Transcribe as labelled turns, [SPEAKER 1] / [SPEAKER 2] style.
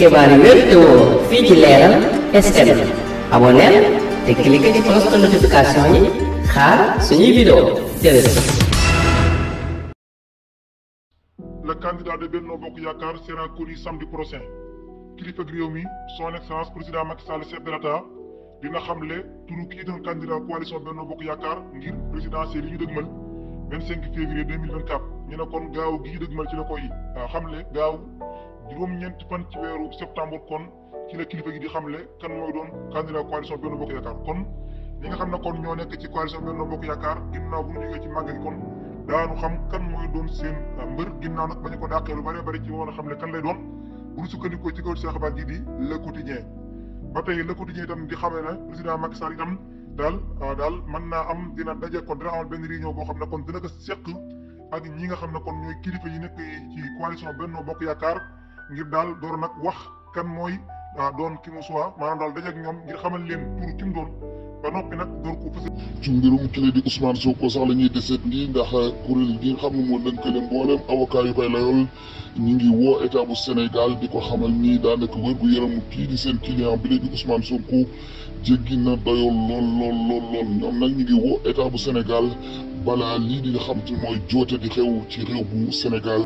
[SPEAKER 1] xibaar yi wér te woo fii ci leeral SN aboneel te cliquer ci cloche de notification yi xaar vidéo jërëjëf le candidat de Benno Bokk Yakar sera connu samedi prochain kilifa réew mi son excellence président Macky Sall chef de dina xamle turu kii doon candidat coalition Benno Bokk Yakar ngir présidentielle yi ñu 25 février 2024 ñu ne kon gaaw gii dëgg man ci la koy euh, xamle gaaw juróom-ñeenti fan ci weeru septembre kon ci la kilifa gi di xamle kan mooy doon xam ne kon ñoo nekk ci coalition Benno Bokk Yaakaar ginnaaw bu ñu jógee ci màggal gi kon daanu xam kan mooy doon seen euh, mbër ginnaaw nag bañu ko dàqee lu bëree bëri ci woon a xamle kan lay doon bu ñu sukkandikoo ci kaw seen xabaar ji di Le Quotidien ba tey Le Quotidien itam di xamle ne président Macky Sall itam daal euh, daal man naa am dina daje kon dina amal benn réunion boo xam ne kon dina ko seq ak ñi nga xam ne kon ñooy kilifa yi nekk ci coalition Benno Bokk Yaakaar ngir daal door nag wax kan mooy ah, doon ki mu soit maanaam ñoom ngir xamal leen pour ki mu doon ba noppi nag
[SPEAKER 2] di Ousmane Sonko sax la ñuy deseet nii ndax kuréel gi nga xam ne moom lañ ko leen layool ñu ngi woo état bu Sénégal di ko xamal nii daanaka wér gu yaramu kii di seen client bi di Ousmane Sonko jéggi na dayoo lool lool lool lool ñoom nag ngi woo état Sénégal balaa lii di nga xam te mooy joote di xew ci réew bu Sénégal